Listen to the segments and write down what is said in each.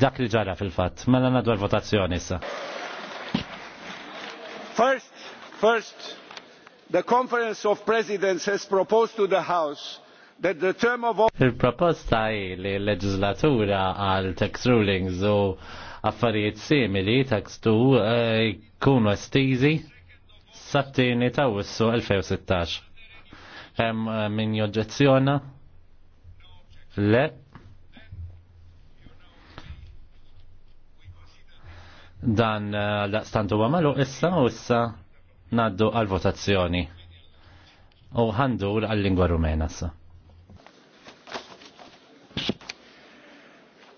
dak li ġara fil-fatt. Mela nadu votazzjoni issa. First, first, the Conference of Presidents has proposed to the House that the term of Il-proposta hi li l-leġislatura għal tax rulings u affarijiet simili tax tu eh, jkunu estizi sattini ta' wissu 2016. Hemm eh, min joġġezzjona? Le? Dan l-stantu eh, għamalu issa u issa naddu għal-votazzjoni. U għandu għal-lingwa rumena issa.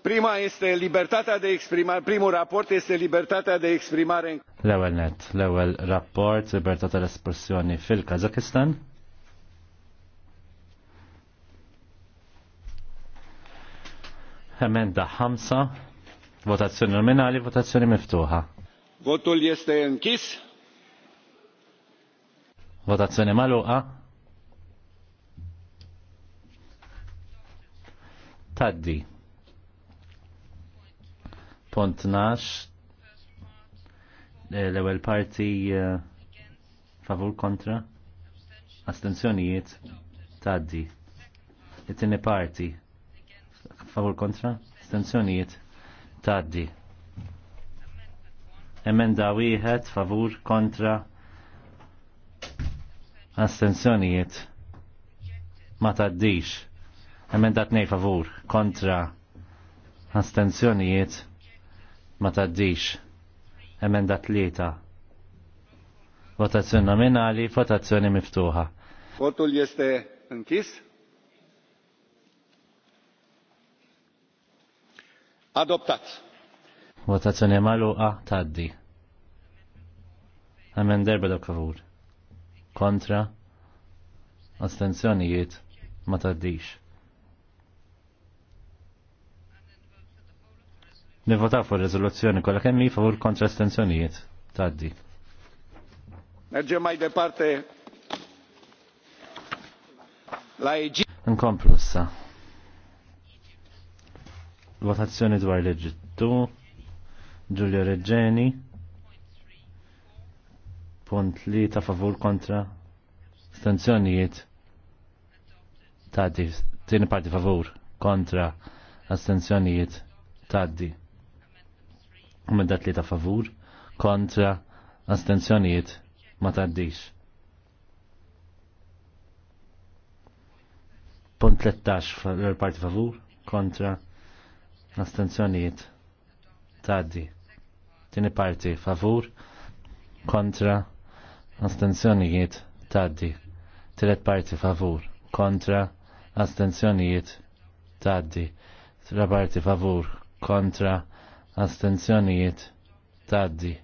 Prima este libertata de exprimare, Primu rapport este libertata de exprimare. L-ewel net, l-ewel rapport, libertata l-espressjoni fil-Kazakistan. Emenda ħamsa. Votazzjoni nominali, votazzjoni miftuħa. Votul jeste nkis. Votazzjoni maluqa. Taddi. Pont nax. Eh, l-ewel eh, parti favur kontra. Astenzjonijiet. Taddi. It-tini parti. Favur kontra. Astenzjonijiet taddi. Emenda wieħed favur kontra astensjonijiet ma taddix. Emenda tnej favur kontra astensjonijiet ma taddix. Emenda tlieta. Votazzjoni nominali, votazzjoni miftuħa. Votul jeste nkis? Adoptat. Votazzjoni magħluqa taddi. Amen derba da favur. Kontra. Astenzjonijiet ma taddix. Nivvotaw fuq ir-riżoluzzjoni kollha kemm hi favur kontra astenzjonijiet tgħaddi. mai departe la e Nkomplu issa votazzjoni dwar l-Eġittu, Giulio Reggeni, punt li ta' favur kontra astenzjonijiet taddi, tieni parti favur kontra astenzjonijiet taddi. Umedat li ta' favur kontra astenzjonijiet ma taddix. Punt 13 l-parti favur kontra astenzjonijiet taddi tini parti favur kontra astenzjonijiet taddi tiret parti favur kontra astenzjonijiet taddi tra parti favur kontra astenzjonijiet taddi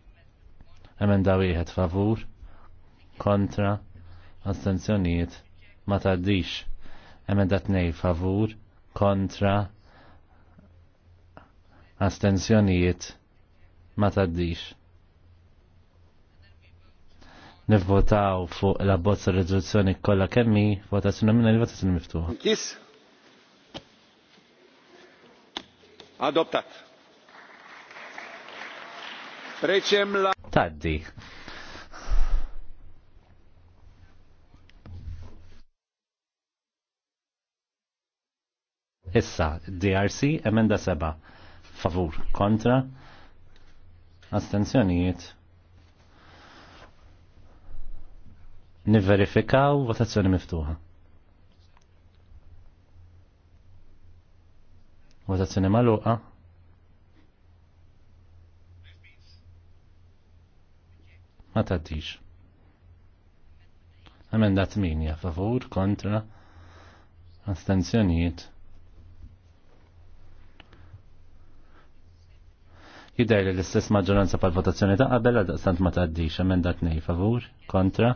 emenda wieħed favur kontra astenzjonijiet ma taddix emenda tnej favur kontra astenzjonijiet ma taddix. Nivvotaw fuq la bozza rezoluzzjoni kollha kemmi votazzjoni li votazzjoni miftuħa. Kis. Adoptat. Preċem la Taddi. Issa, DRC, emenda seba' favur kontra astenzjonijiet nivverifikaw votazzjoni miftuħa. Votazzjoni maluqa. Ma taddix. Emendat minja favur kontra astenzjonijiet Jidher li l-istess maġġoranza pal-votazzjoni ta' qabel għal ma tgħaddix emenda nej, favur, kontra,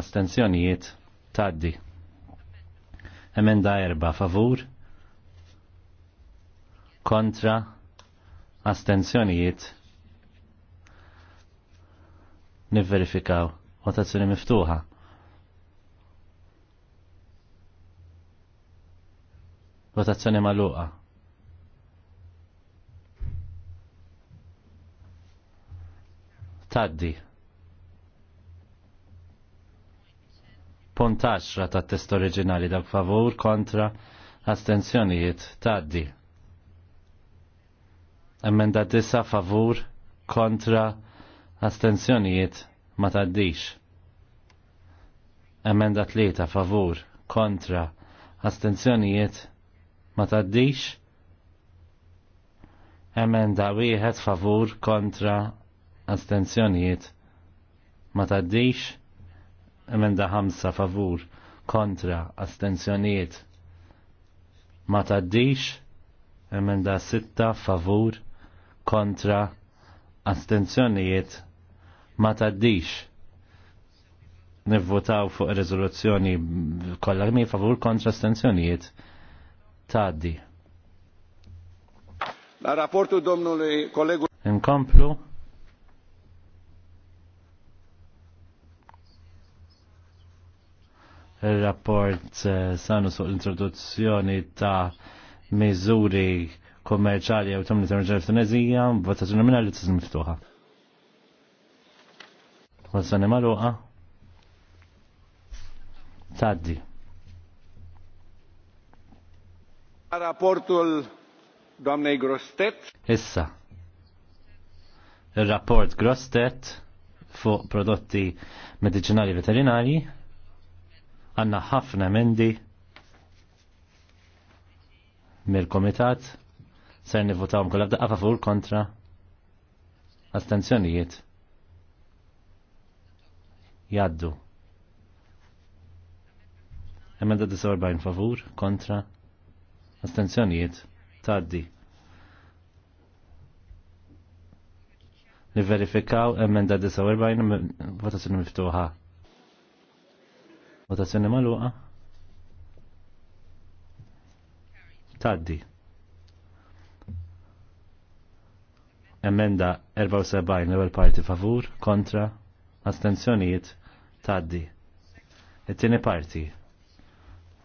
astenzjonijiet tgħaddi. Emenda erba favur, kontra, astenzjonijiet nivverifikaw votazzjoni miftuħa. Votazzjoni maluqa. taddi. Punt 10 ta' test oriġinali dak favur kontra astenzjonijiet tgħaddi. Emenda disa favur kontra astenzjonijiet ma tgħaddix. Emenda tlieta favur kontra astenzjonijiet ma taddix. Emenda wieħed favur kontra astenzjonijiet ma taddix emenda ħamsa favur kontra astenzjonijiet ma taddix emenda sitta favur kontra astenzjonijiet ma taddix nivvotaw fuq rezoluzzjoni kollha mi favur kontra astenzjonijiet taddi. La rapportu domnului colegul Inkomplu il-rapport eh, sanu suq l-introduzzjoni ta' miżuri kommerċali u tamni tamni Tunezija, votazzjoni nominali t miftuħa. Votazzjoni maluqa. Taddi. Rapportul Domnej Grostet. Issa. Il-rapport Grostet fuq prodotti medicinali veterinari. Għanna ħafna emendi mill-komitat ser nivotawm kollha għafa favur kontra astenzjonijiet jaddu. Emenda 49 favur kontra astenzjonijiet taddi. Niverifikaw emenda 49 votazzjoni miftuħa. Votazzjoni uqa Taddi. Emenda 74 l-ewwel parti favur, kontra, astenzjonijiet, taddi. It-tieni parti.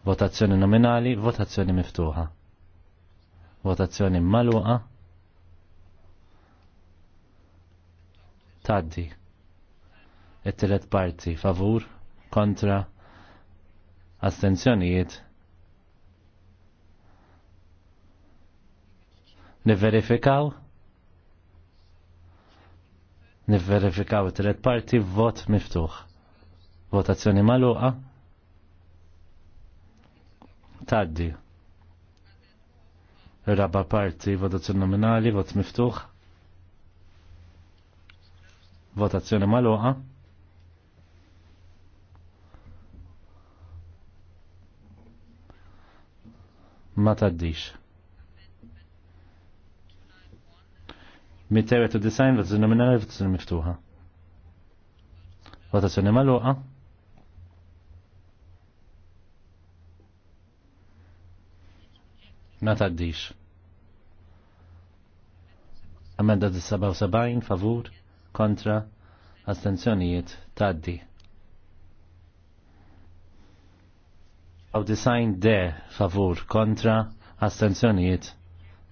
Votazzjoni nominali, votazzjoni miftuħa. Votazzjoni maluqa. Taddi. It-tielet parti favur, kontra, Astenzjonijiet. Niverifikaw? Niverifikaw it-tret parti vot miftuħ. Votazzjoni maluqa? Taddi. Raba parti votazzjoni nominali, vot miftuħ. Votazzjoni maluqa? ma taddix. zinna minna nominali zinna miftuħa. Votazzjoni magħluqa. Ma taddix. Amenda 77 favur kontra astenzjonijiet taddi. għaw design de favur kontra astenzjonijiet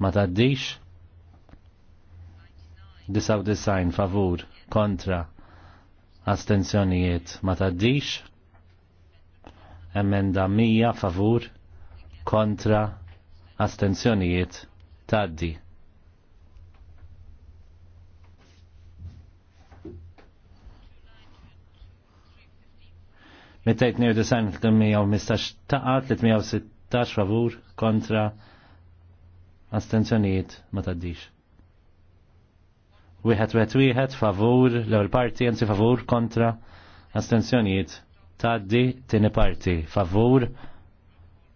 ma taddix 99 favur kontra astenzjonijiet ma taddix emenda mija favur kontra astenzjonijiet taddi 292 315 taqa 316 favur kontra astenzjonijiet ma taddix. Wieħed wieħed wieħed favur l-ewwel parti anzi favur kontra astenzjonijiet taddi tieni parti favur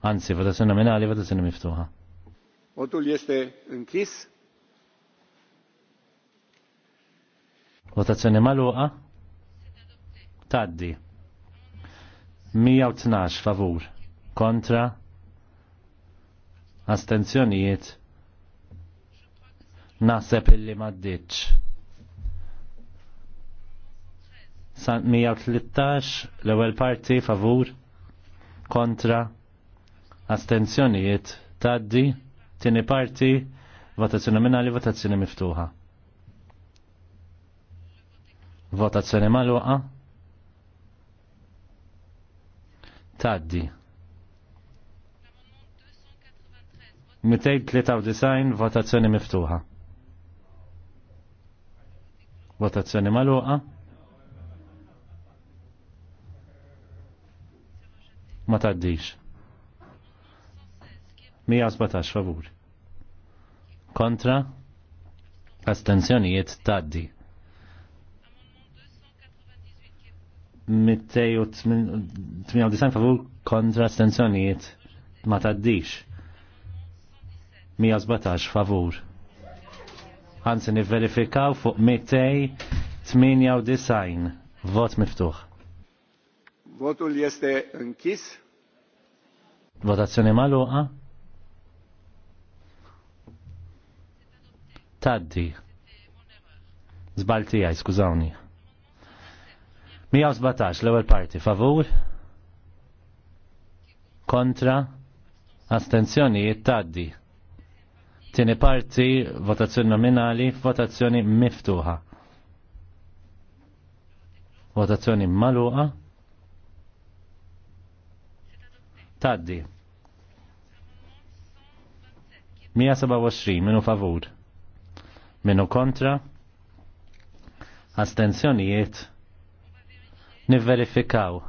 anzi votazzjoni nominali votazzjoni miftuħa. Votul jeste inkis. Votazzjoni magħluqa taddi. 112 favur kontra astenzjonijiet naħseb illi maddiċ. 113 l-ewwel parti favur kontra astenzjonijiet taddi tieni parti votazzjoni nominali votazzjoni miftuħa. Votazzjoni maluqa. taddi. 293 votazzjoni miftuħa. Votazzjoni maluqa. Ma taddix. 117 favur. Kontra. Astenzjonijiet taddi. 298 favur kontra stenzjoniet ma taddix. 117 favur. Għansi niverifikaw fuq 298 vot miftuħ. Votul jeste nkis? Votazzjoni maluqa? Taddi. Zbaltija, skużawni. 117 l-ewwel parti favur kontra astenzjonijiet taddi. Tieni parti votazzjoni nominali, votazzjoni miftuħa. Votazzjoni maluqa. Taddi. 127 minu favur. Minu kontra. Astenzjonijiet Nivverifikaw.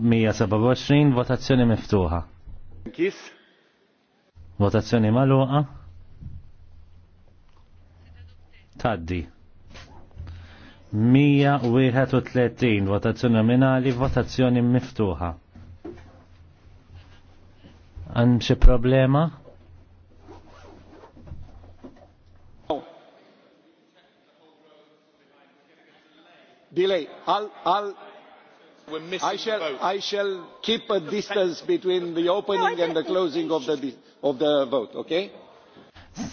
127 votazzjoni miftuħa. Kif? Votazzjoni maluqa. Taddi. 131 votazzjoni nominali, votazzjoni miftuħa. Għan xi problema? delay. I'll, I'll, We're missing I, shall, the vote. I shall keep a distance between the opening and the closing of the, of the vote, okay?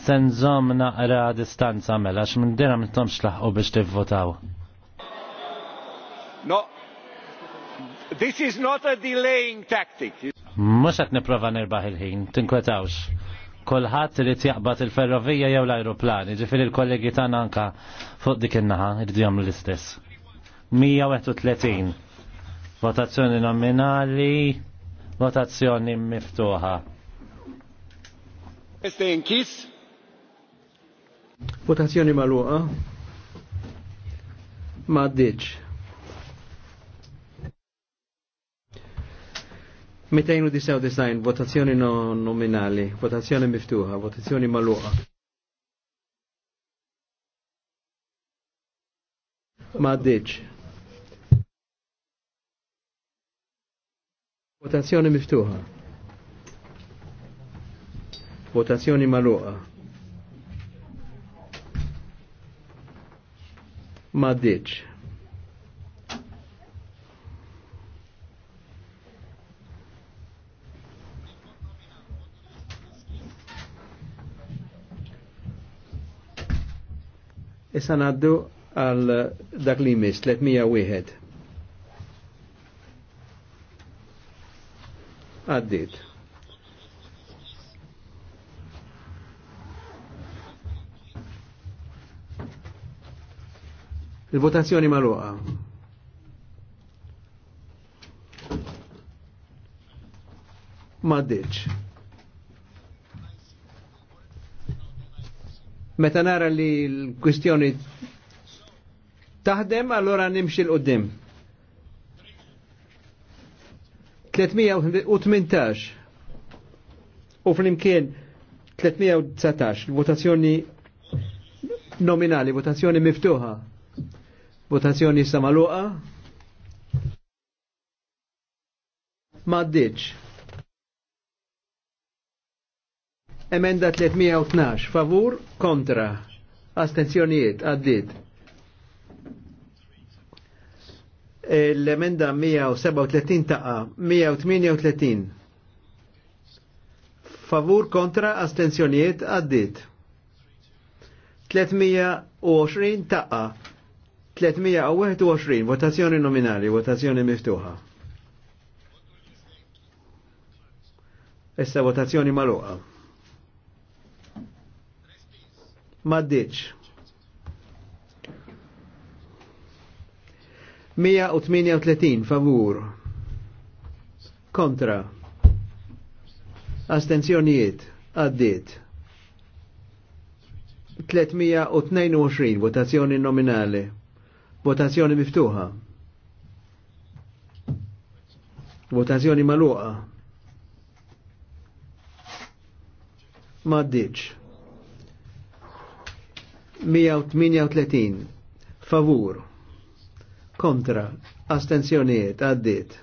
Senżom naqra distanza mela, għax minn dira tomx laħqu biex tivvotaw. No, this is not a delaying tactic. Mux għat niprofa nirbaħ il-ħin, tinkwetawx kolħat li jaqbad il-ferrovija jew l-aeroplani, ġifir il-kollegi tan anka fuq dik in-naħa, id-djom l-istess. 131. Votazzjoni nominali, votazzjoni miftuħa. Este inkis? Votazzjoni maluqa. maddiċ ddiċ. 299 votazzjoni no nominali, votazzjoni miftuħa, votazzjoni maluqa. maddiċ Votazzjoni miftuħa. Votazzjoni maluqa. Ma ditx. Issa naddu għal dak li mis 301. għaddit. Il-votazzjoni maluqa. Maddiċ. Meta nara li l-kwistjoni taħdem, allora nimxil l-qoddim. 318 u flimkien 319 votazzjoni nominali, votazzjoni miftuħa, votazzjoni samaluqa, maddiċ. Emenda 312, favur, kontra, astenzjonijiet, għaddit. l-emenda 137 taqa 138 favur kontra astenzjoniet għaddit 320 taqa 321 votazzjoni nominali votazzjoni miftuħa issa votazzjoni maluqa maddiċ 138 favur kontra astenzjonijiet għaddiet 322 votazzjoni nominali votazzjoni miftuħa votazzjoni maluqa maddiċ 138 favur kontra, astenzjoniet, għaddit.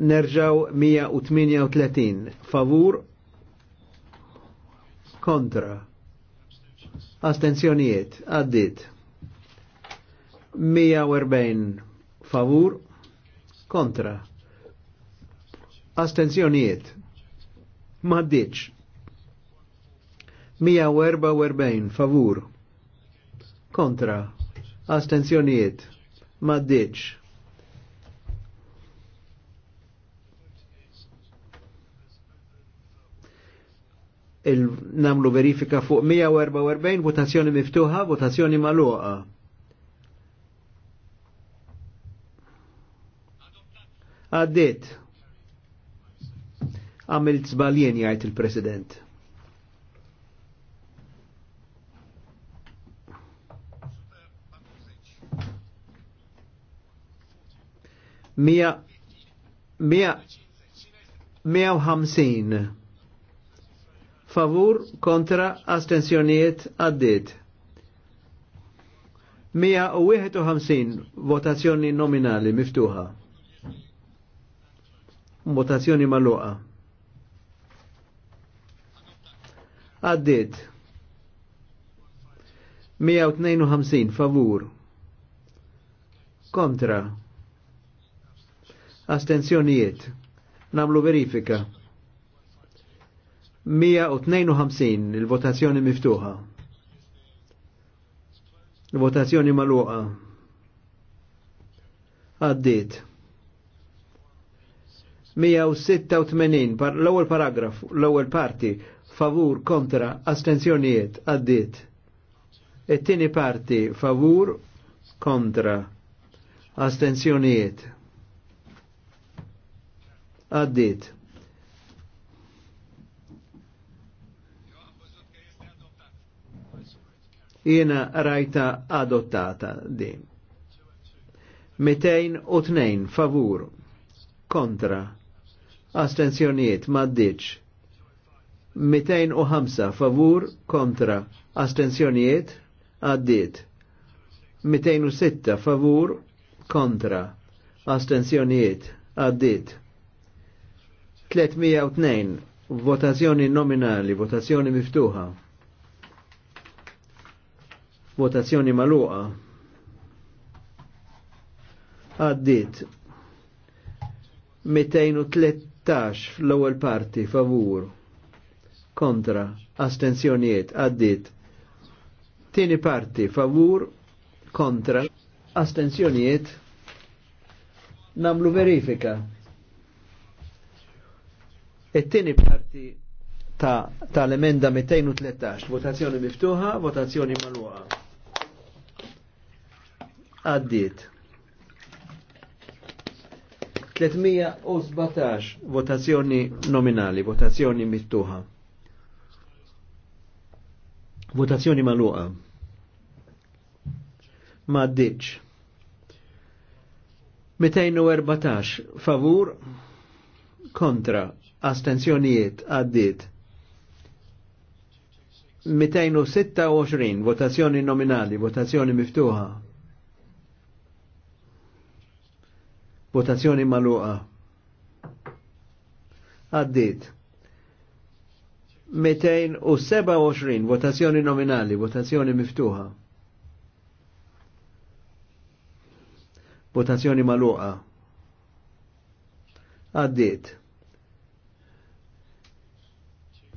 Nerġaw 138, favur, kontra, astenzjoniet, għaddit. 140, favur, kontra, astenzjoniet, maddiċ. 144 favur. Kontra astenzjonijiet ma ddiċ. namlu verifika fuq 144 votazzjoni miftuħa, votazzjoni maluqa. Għaddit. Għamilt zbaljen jgħajt il-President. 150 favur kontra astensjonijiet għaddit 151 votazzjoni nominali miftuħa votazzjoni maluqa għaddit 152 favur kontra astenzjonijiet. Namlu verifika. 152 il-votazzjoni miftuħa. Il-votazzjoni maluqa. Għaddit. 186 par l-ewwel paragraf, l-ewwel parti, favur kontra astenzjonijiet għaddit. It-tieni parti favur kontra astenzjonijiet għaddit. Jena rajta adottata di. 202 favur kontra astenzjonijiet maddiċ 205 favur kontra astenzjonijiet għaddit 206 favur kontra astenzjonijiet għaddit 302 votazzjoni nominali, votazzjoni miftuħa. Votazzjoni maluqa. Għaddit 213 fl-ewwel parti favur kontra astenzjonijiet għaddit. Tieni parti favur kontra astenzjonijiet namlu verifika. It-tieni parti tal-emenda 213, votazzjoni miftuħa, votazzjoni malwa. Għaddit. 317 votazzjoni nominali, votazzjoni miftuħa. Votazzjoni maluqa. Maddiċ. 214 favur kontra astenzjonijiet għaddit 226 votazzjoni nominali, votazzjoni miftuħa. Votazzjoni maluqa. Għaddit. 227 votazzjoni nominali, votazzjoni miftuħa. Votazzjoni maluqa. Għaddit.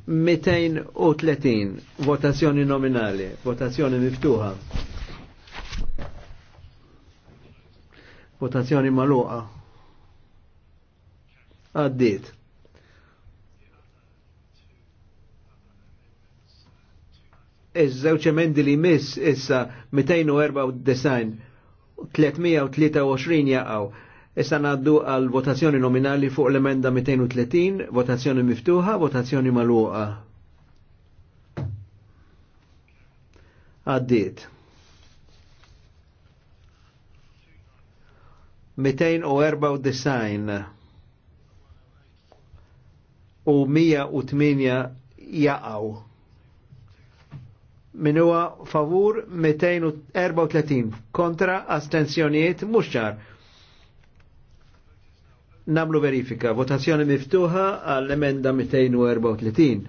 230 votazzjoni nominali, votazzjoni miftuħa. Votazzjoni maluqa. Għaddit. Iż-żewġ emendi li miss issa design 323 jaqgħu. Issa naddu għal votazzjoni nominali fuq l-emenda 230, votazzjoni miftuħa, votazzjoni maluqa. Għaddit. 294 u 108 jaqaw. Min huwa favur 234 kontra astensjonijiet mhux ċar namlu verifika. Votazzjoni miftuħa għall-emenda 234.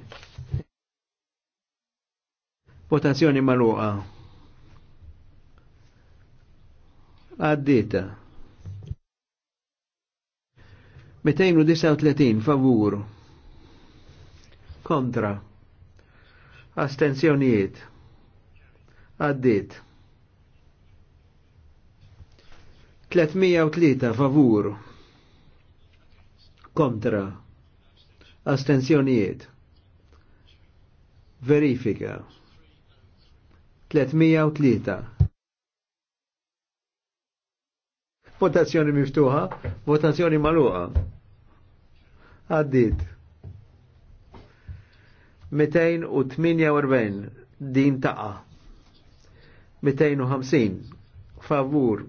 Votazzjoni maluqa. Għaddita. 239 favur. Kontra. Astenzjonijiet. Għaddit. 303 favur kontra, astenzjonijiet, verifika, 303. Votazzjoni miftuħa, votazzjoni maluqa. Għaddit. 248 din taqa. 250 favur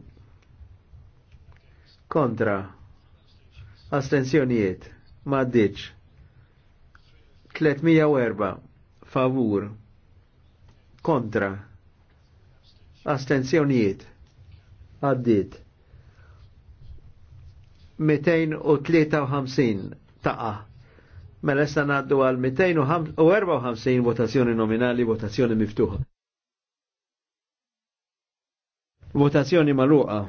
kontra astenzjonijiet ma ddiċ 304 favur kontra astenzjonijiet għaddit 253 taqa mela issa ngħaddu għal 254 votazzjoni nominali votazzjoni miftuħa votazzjoni maluqa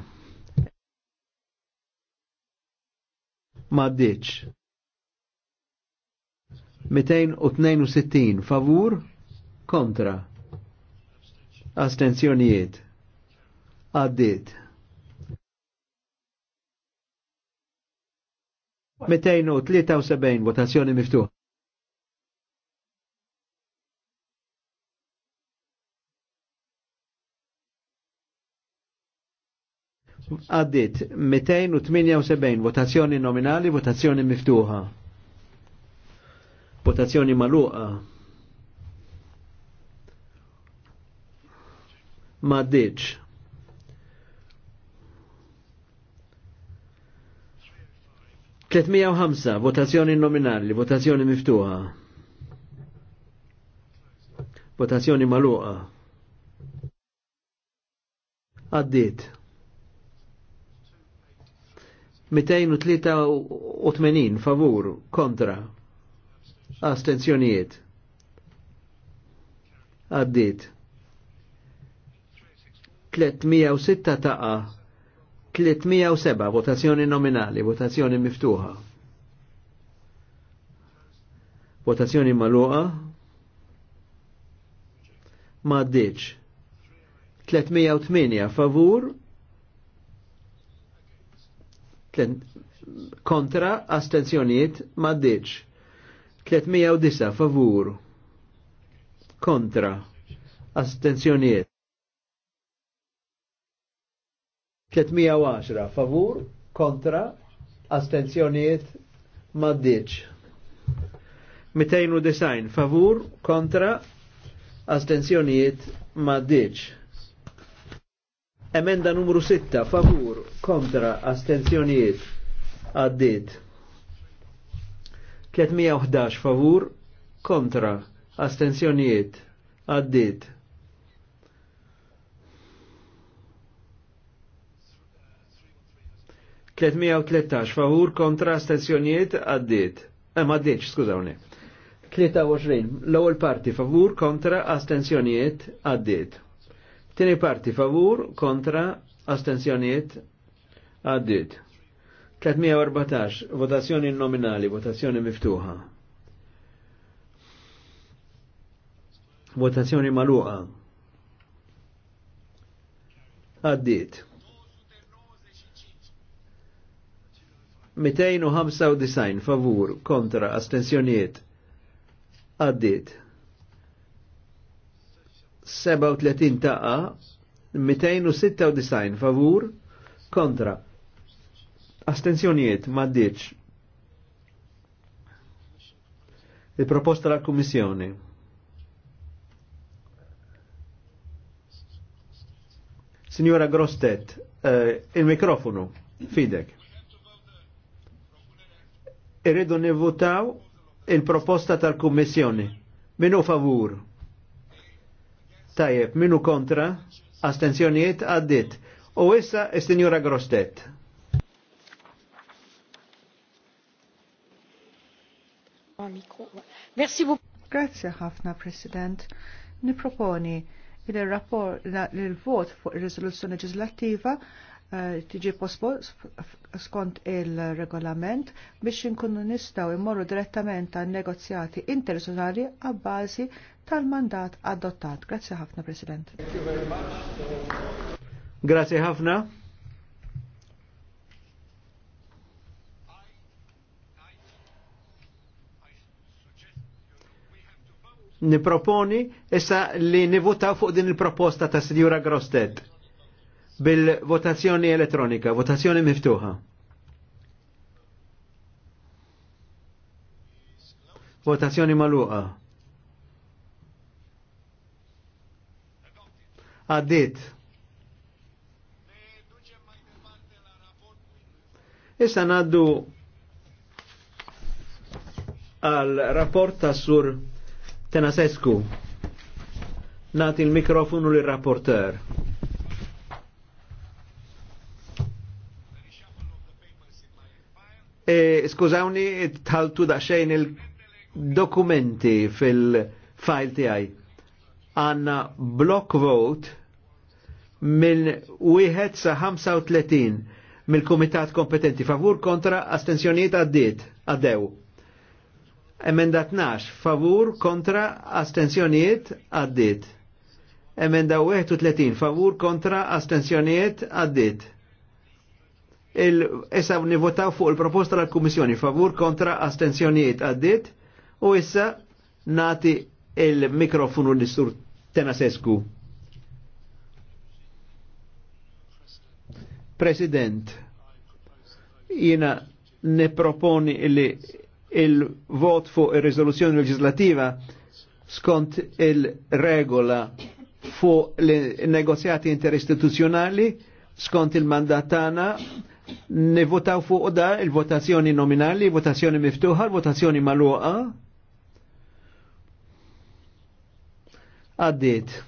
maddiċ. 262 favur kontra astenzjonijiet għaddit 273 votazzjoni miftuħ Għaddit 278 votazzjoni nominali, votazzjoni miftuħa. Votazzjoni maluqa. Ma ddiċ. 305 votazzjoni nominali, votazzjoni miftuħa. Votazzjoni maluqa. Għaddit. 283 favur kontra astenzjonijiet għaddit 306 taqa 307 votazzjoni nominali votazzjoni miftuħa votazzjoni maluqa ma 308 favur kontra astenzjoniet maddiċ. 309 favur kontra astenzjoniet. 310 favur kontra astenzjoniet maddiċ. 209 favur kontra astenzjoniet maddiċ. Emenda numru 6 favur kontra astenzjonijiet għaddit 311 favur kontra astenzjonijiet għaddit tletax favur kontra astenzjonijiet għaddit. Em eh, għaddit, skużawni. 23. L-ewwel parti favur kontra astenzjonijiet għaddit. Tieni parti favur kontra astenzjonijiet għaddit. 314, votazzjoni nominali, votazzjoni miftuħa. Votazzjoni maluqa. Għaddit. 295 favur kontra astensjoniet. Għaddit. 37 taqa, 296 favur kontra Astenzjonijiet maddiċ. Il-proposta la Kummissjoni. Signora Grostet, uh, il-mikrofonu, fidek. Irridu ne nivvutaw il-proposta tal-Kummissjoni. Minu favur? Tajjeb, minu kontra? Astenzjonijiet għaddit. U issa, il-Signora Grostet. Merci beaucoup. Grazie ħafna, President. Niproponi il-rapport l vot fuq il rezoluzzjoni leġislattiva eh, tiġi pospo skont il-regolament biex inkunu nistaw immorru direttament għan negozjati interzonali għabbażi tal-mandat adottat. Grazie ħafna, President. Grazie ħafna. Niproponi issa li nivutaw fuq din il-proposta ta' Sidjura Grostet bil-votazzjoni elettronika, votazzjoni miftuħa. Votazzjoni maluqa. Għaddit. Issa naddu għal rapport ta' sur Tenasescu, nati il-mikrofonu l-rapporter. E, skużawni, tħaltu da xejn il-dokumenti fil-file tijaj. Għanna block vote minn 1 sa 35 mill komitat kompetenti favur kontra astensjonijiet għaddit għaddew. Emenda 12, favur kontra astensjoniet għaddit. Emenda 31, favur kontra astensjoniet għaddit. Issa nivotaw fuq il-proposta tal kummissjoni favur kontra astensjoniet għaddit u issa nati il-mikrofonu nissur tenasesku. Tenasescu. President, jina ne proponi li il-vot fuq il riżoluzzjoni legislativa skont il-regola fuq l-negozjati interistituzjonali skont il mandatana ne votaw fuq da il-votazzjoni nominali, votazzjoni miftuħa, votazzjoni maluqa. Għaddit.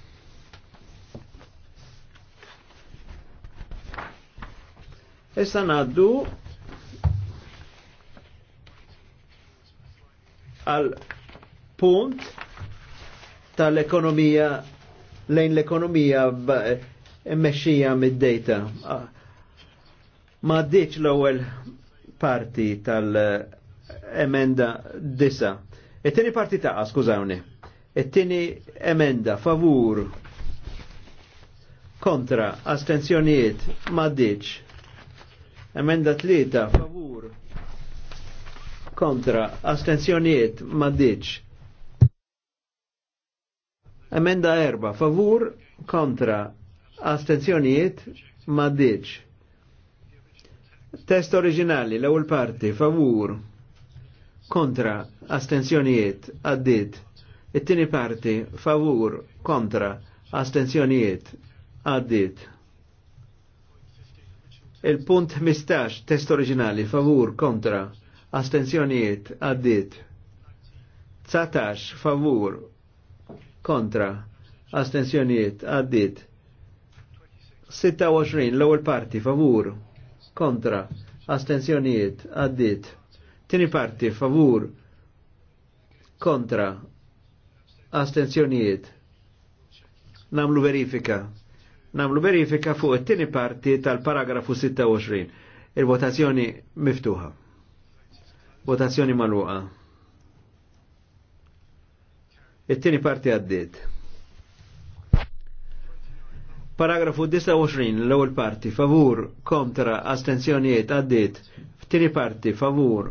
Issa naddu għal punt tal-ekonomija lejn l-ekonomija mmexxija mid-data. Ma ddiċ l-ewwel parti tal-emenda disa. It-tieni parti taqa, skużawni. It-tieni emenda favur kontra astenzjonijiet ma ddiċ. Emenda tlieta favur kontra, astenzjoniet, maddiċ. Emenda erba, favur, kontra, astenzjoniet, maddiċ. Test originali, l-ewwel parti, favur, kontra, astenzjoniet, addit. it parti, favur, kontra, astenzjoniet, addit. Il-punt 15, test originali. favur, kontra, astenzjonijiet għaddit 19 favur kontra astenzjonijiet għaddit 26 l-ewwel parti favur kontra astenzjonijiet għaddit tini parti favur kontra astenzjonijiet namlu verifika namlu verifika fuq it-tini parti tal-paragrafu 26 il-votazzjoni miftuħa Votazzjoni maluqa. It-tieni parti għaddiet. Paragrafu 29, l-ewwel parti, favur, kontra, astenzjonijiet, għaddiet. F'tieni parti, favur,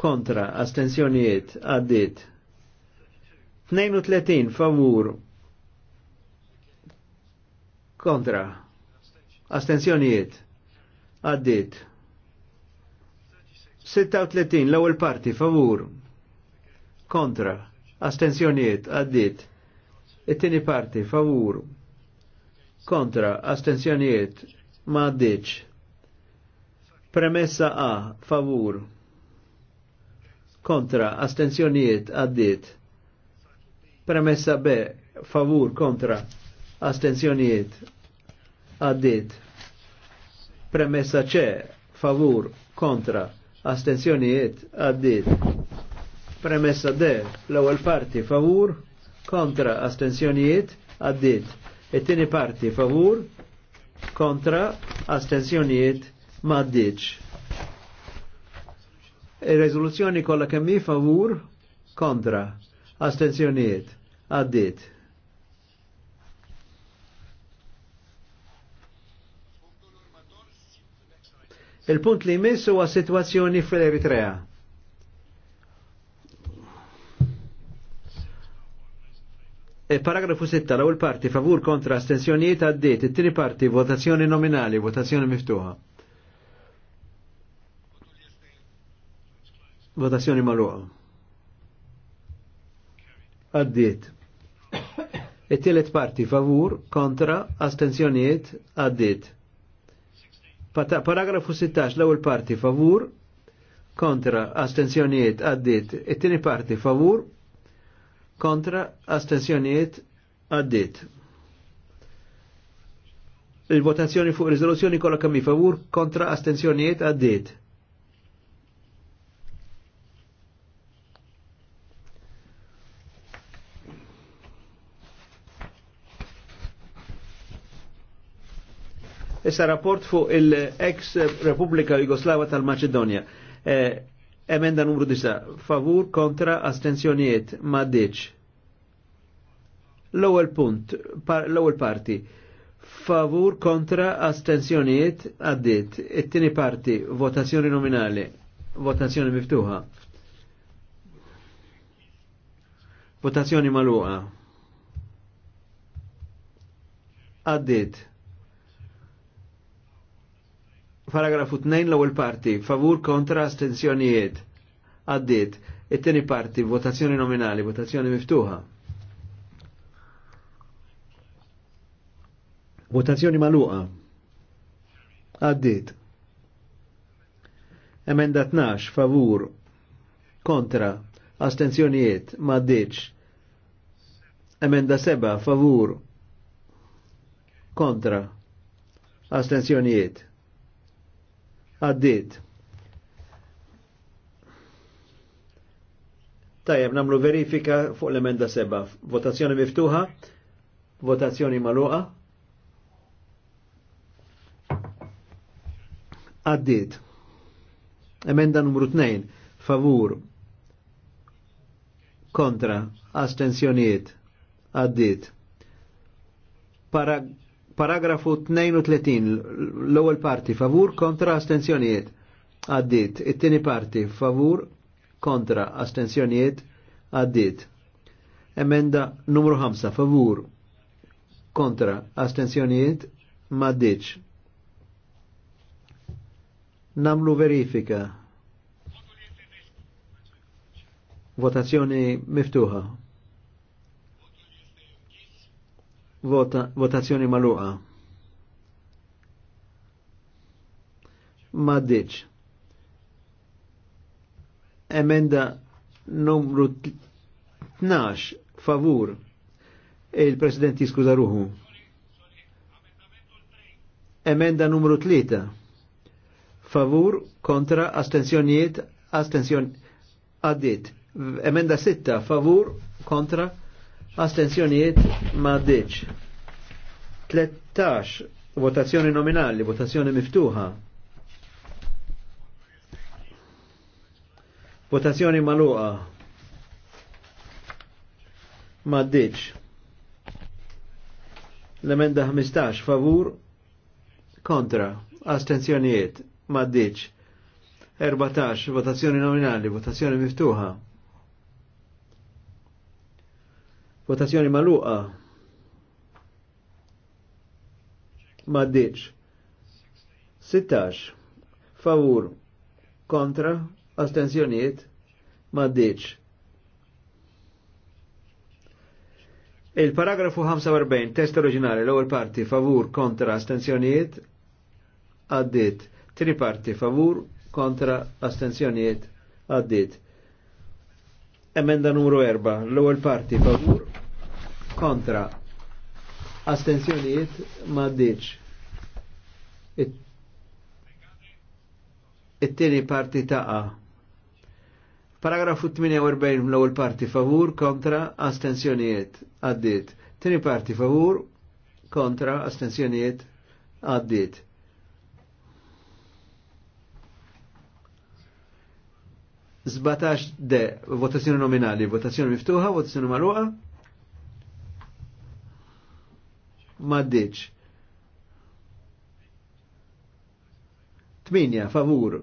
kontra, astenzjonijiet, għaddiet. 32, favur, kontra, astenzjonijiet, għaddiet. 36 l-ewwel parti favur kontra astensjonijiet għaddit it-tieni parti favur kontra astensjonijiet ma għaddiċ premessa A favur kontra astensjonijiet għaddit premessa B favur kontra Astenzjonijiet għaddit premessa C favur kontra astenzjonijiet għaddit. Premessa de, l-ewwel parti favur kontra astenzjonijiet għaddit. It-tieni parti favur kontra astenzjonijiet maddiċ. Il-rezoluzzjoni kollha kemm favur kontra astenzjonijiet għaddit. Il-punt li jmiss huwa situazzjoni fl-Eritrea. E paragrafu 6, l-ewwel parti favur kontra astensjonijiet għaddiet, it-tieni parti votazzjoni nominali, votazzjoni miftuħa. Votazzjoni magħluqa. Għaddiet. It-tielet e parti favur kontra astensjonijiet għaddiet. Paragrafu 16, l-ewwel parti favur, kontra astensjonijiet għaddit, it-tieni parti favur, kontra astensjonijiet għaddit. Il-votazzjoni fuq riżoluzzjoni kollha kemm favur kontra astensjonijiet għaddit. Issa rapport fuq il-ex Repubblika Jugoslava tal macedonia e, emenda numru 9. Favur kontra astenzjonijiet ma' diċ. L-ewwel punt, l-ewwel parti. Favur kontra astenzjonijiet għaddit. It-tieni parti, votazzjoni nominali. Votazzjoni miftuħa. Votazzjoni maluqa. Għaddit. Paragrafu 2 l-ewwel parti, favur kontra astenzjonijiet. Għaddiet. It-tieni parti, votazzjoni nominali, votazzjoni miftuħa. Votazzjoni maluqa. Għaddiet. Emenda 12, favur, kontra, astenzjonijiet, ma Emenda 7, favur, kontra, astenzjonijiet Għaddit. Tajjeb, namlu verifika fuq l-emenda seba. Votazzjoni miftuħa, votazzjoni maluqa. Għaddit. Emenda numru 2, favur, kontra, astensjoniet, għaddit. Parag Paragrafu 32, l-ewwel parti, favur kontra astenzjonijiet. Għaddit. It-tieni parti, favur kontra astenzjonijiet. Għaddit. Emenda numru 5, favur kontra astenzjonijiet. Maddiċ. Namlu verifika. Votazzjoni miftuħa. Vota, votazzjoni maluqa. Ma Maddiċ. Emenda numru 12 favur. il-President jiskuza ruħu. Emenda numru 3. Favur kontra astensjonijiet astensjon għaddit. Emenda 6 favur kontra astenzjonijiet ma deċ 13 votazzjoni nominali, votazzjoni miftuħa. Votazzjoni maluqa. Ma deċ L-emenda 15 favur kontra astenzjonijiet ma deċ 14 votazzjoni nominali, votazzjoni miftuħa. Votazzjoni maluqa. ddiċ 16. Favur. Kontra. Astenzjoniet. ddiċ Il-paragrafu 45, test oriġinali, l-ewwel parti favur kontra astenzjonijiet, għaddit. Tri parti favur kontra astenzjonijiet, għaddit. Emenda numru 4, l-ewwel parti favur kontra astenzjonijiet ma ddiċ it-tieni parti taqa paragrafu 48 l-ewwel parti favur kontra astenzjonijiet għaddit tieni parti favur kontra astenzjonijiet għaddit Zbatax de votazzjoni nominali, votazzjoni miftuħa, votazzjoni maluqa. maddiċ. 8 favur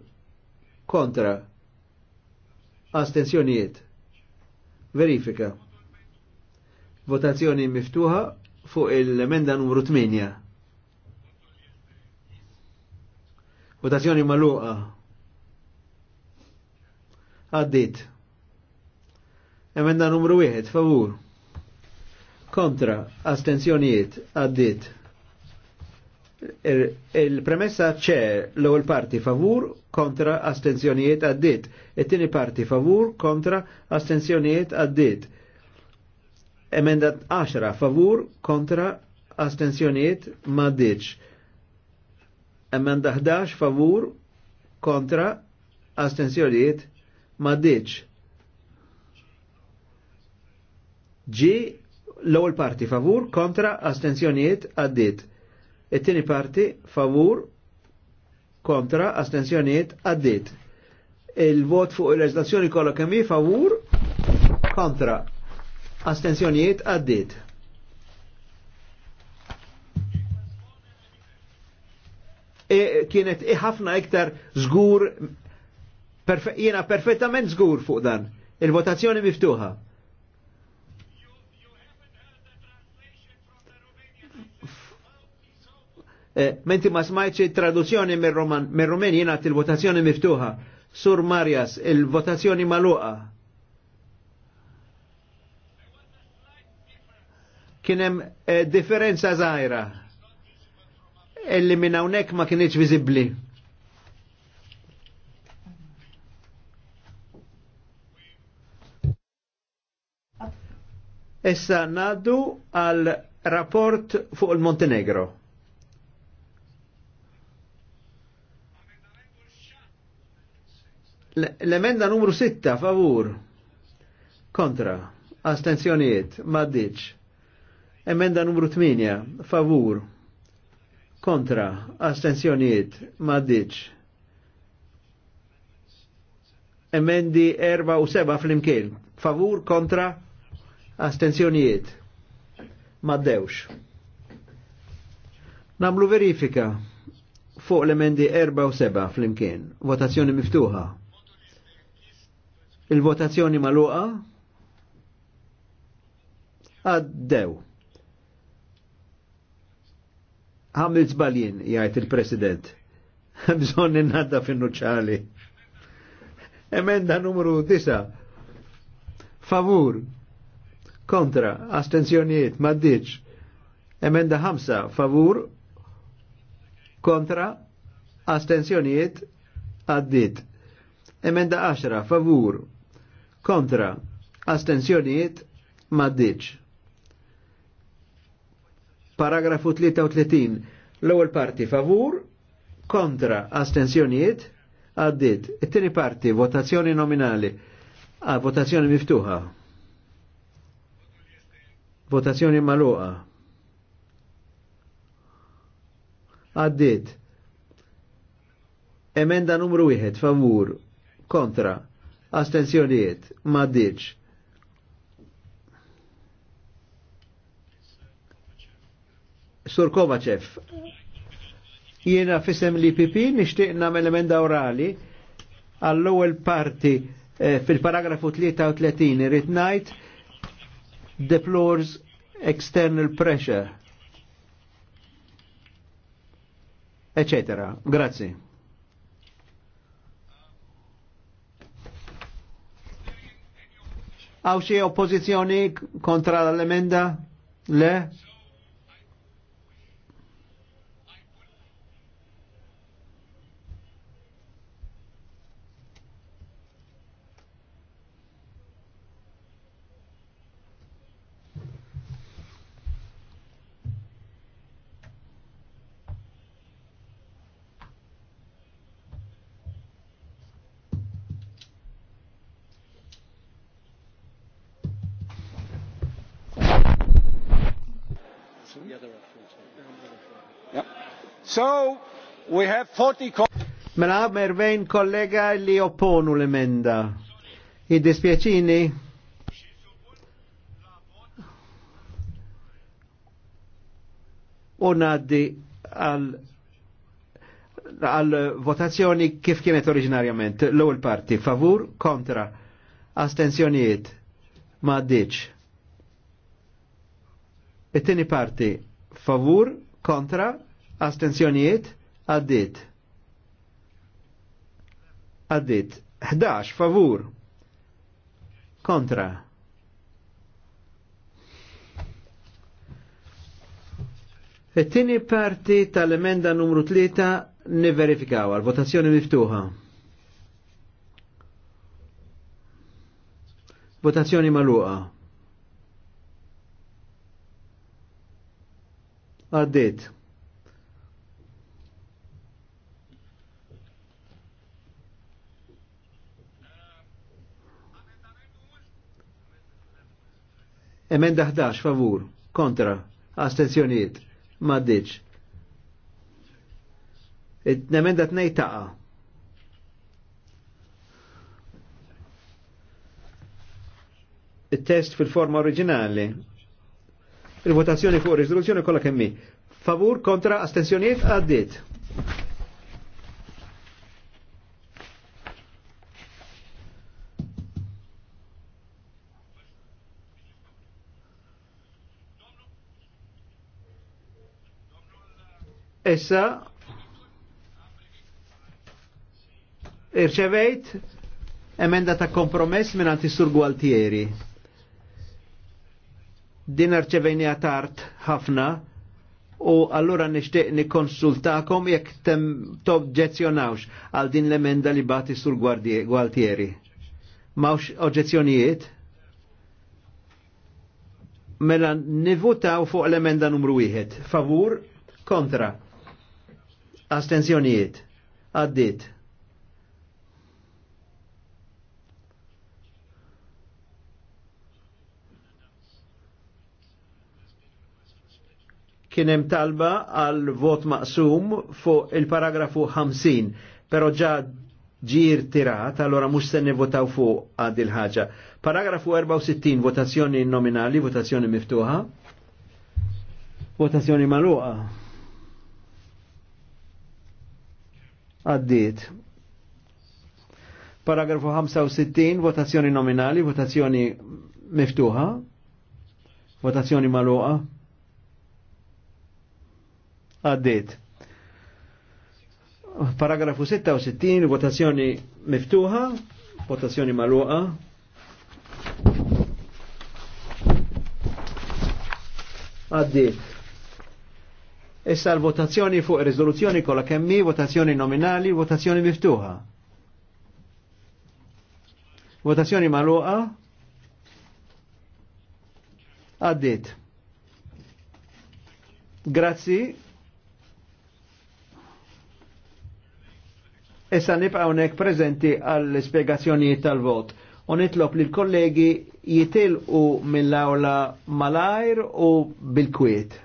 kontra astensjonijiet. Verifika. Votazzjoni miftuħa fuq il-emenda numru 8. Votazzjoni maluqa. Għaddit. Emenda numru 1, favur kontra astenzjonijiet għaddit il-premessa il ċe l-ewwel parti favur kontra astenzjonijiet għaddit, it tini parti favur kontra astenzjonijiet għaddit. Emenda 10 favur kontra astenzjonijiet maddiċ. Emenda 11 favur kontra astenzjonijiet maddiċ. G l-ewwel parti favur kontra astenzjonijiet għaddit. It-tieni parti favur kontra astenzjonijiet għaddit. Il-vot fuq il-leġlazzjoni kollha kemm favur kontra astenzjonijiet għaddit. E, kienet e ħafna e iktar zgur, perfe, jena perfettament zgur fuq dan. Il-votazzjoni miftuħa. Eh, menti ma smajċi traduzzjoni mir-Rumeni jina il-votazzjoni miftuħa. Sur Marjas, il-votazzjoni maluqa. Kienem eh, differenza zaħira illi minna unek ma kienieċ vizibli. Issa naddu għal rapport fuq il-Montenegro. L-emenda numru 6 favur kontra astenzjonijiet maddiċ. Emenda numru 8 favur kontra astenzjonijiet maddiċ. Emendi 4 u 7 fl-imkien favur kontra astenzjonijiet maddewx. Namlu verifika fuq l-emendi 4 u 7 fl-imkien. Votazzjoni miftuħa. Il-votazzjoni maluqa għaddew. Għamil zbaljen, jgħajt il-President. Bżon n fin-nuċali. Emenda numru 9. Favur. Kontra. Astenzjoniet. Maddiċ. Emenda 5. Favur. Kontra. Astenzjoniet. Addit. Emenda 10. Favur kontra astenzjonijiet maddiċ. Paragrafu 33, l-ewwel parti favur, kontra astenzjonijiet għaddit. It-tieni parti votazzjoni nominali, a votazzjoni miftuħa. Votazzjoni maluqa. Għaddit. Emenda numru 1, favur, kontra, astenzjonijiet ma diċ. Sur Kovacev, jiena fissem li pipi nishtiq namel emenda orali għall-ewwel parti eh, fil-paragrafu 33 irid ngħid deplores external pressure. Eccetera. Grazie. Għaw xie oppozizjoni kontra l-emenda? Le? So, we have 40 Mela mervejn kollega li opponu l-emenda. I dispieċini u naddi għal għal votazzjoni kif kienet oriġinarjament. L-ewwel parti favur, kontra, astensjonijiet, ma ddiċ. It-tieni parti favur, kontra, astenzjonijiet għaddit. Għaddit. 11 favur kontra. It-tieni parti tal-emenda numru 3 niverifikaw għal votazzjoni miftuħa. Votazzjoni maluqa. Għaddit. 11 Emenda 11 favur kontra astenzjoniet maddiċ. Emenda 2 taqa. Il-test fil-forma oriġinali. Il-votazzjoni fuq risoluzzjoni kollha kemmi. Favur kontra astenzjoniet għaddit. Issa irċevejt emenda ta' kompromess minn għanti sur Gualtieri. Din irċevejni tard ħafna u allura nishtiq nikonsultakom jekk tobġezzjonawx għal din l-emenda li bati sur Gualtieri. Mawx oġezzjonijiet? mela u fuq l-emenda numru 1. Favur, kontra, Astenzjonijiet. Għaddit. Kienem talba għal vot maqsum fuq il-paragrafu 50, pero ġa ġir tirat, allora mux se votaw fuq għad il-ħagġa. Paragrafu 64, votazzjoni nominali, votazzjoni miftuħa, votazzjoni maluqa. Għaddiet. Paragrafu 65, votazzjoni nominali, votazzjoni miftuħa, votazzjoni maluqa. Għaddiet. Paragrafu 66, votazzjoni miftuħa, votazzjoni maluqa. Għaddiet. Issa l-votazzjoni fuq ir-riżoluzzjoni kollha kemmi votazzjoni nominali, votazzjoni miftuħa. Votazzjoni magħluqa. Għaddiet. Grazzi. Issa nibqgħu hawnhekk preżenti għall spjegazzjonijiet tal-vot. U nitlob li l-kollegi jitilqu mill-awla malajr u bil-kwiet.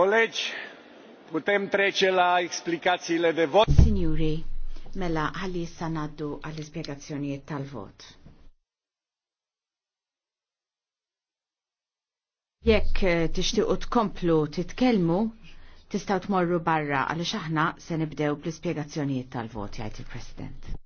Colegi, Signori, mela għalli sanaddu għall ispjegazzjonijiet tal-vot. Jekk eh, tixtiqu tkomplu titkellmu, tistgħu tmorru barra għaliex aħna se nibdew bl-ispjegazzjonijiet tal-vot jgħid il-President.